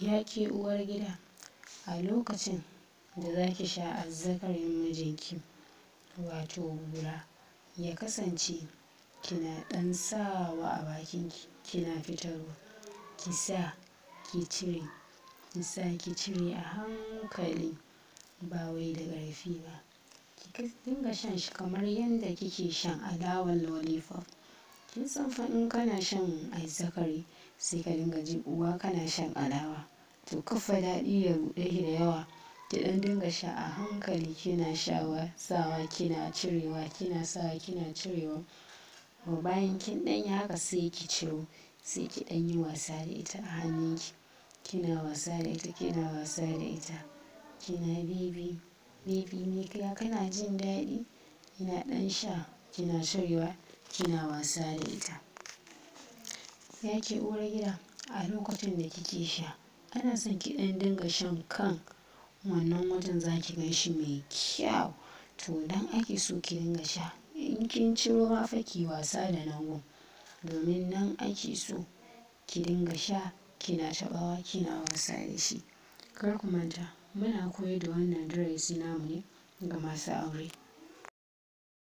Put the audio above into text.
ya ke uwar gida a lokacin da za ki sha azzakarin mijinki wato gura ya kasance kina ɗan sawa a bakinki kina fitarwa ki sa ki cire ki sa ki cire a hankali ba wai da ƙarfi ba ki dinga shan shi kamar yadda kike shan alawan lollipop kin in kana shan aizakari sai ka dinga jin uwa kana shan alawa to kafa daɗi ya ruɗe ki da yawa ki ɗan dinga sha a hankali kina shawa sawa kina cirewa kina sawa kina cirewa to bayan kin ɗan yi haka sai ki ciro sai ki ɗan yi wasa da ita a hannunki kina wasa da ita kina wasa da ita kina bibi bibi ne kana jin daɗi kina ɗan sha kina cirewa kina wasa da ita ya ke gida a lokacin da kike sha ana son ki ɗan dinga shan kan wannan wajen za ki gan shi mai kyau to dan ake so ki dinga sha in kin ci ma fa ki wasa da nan gun domin nan ake so ki dinga sha kina taɓawa kina wasa da shi kar ku manta muna koyar da wannan darasi namu ne ga masu aure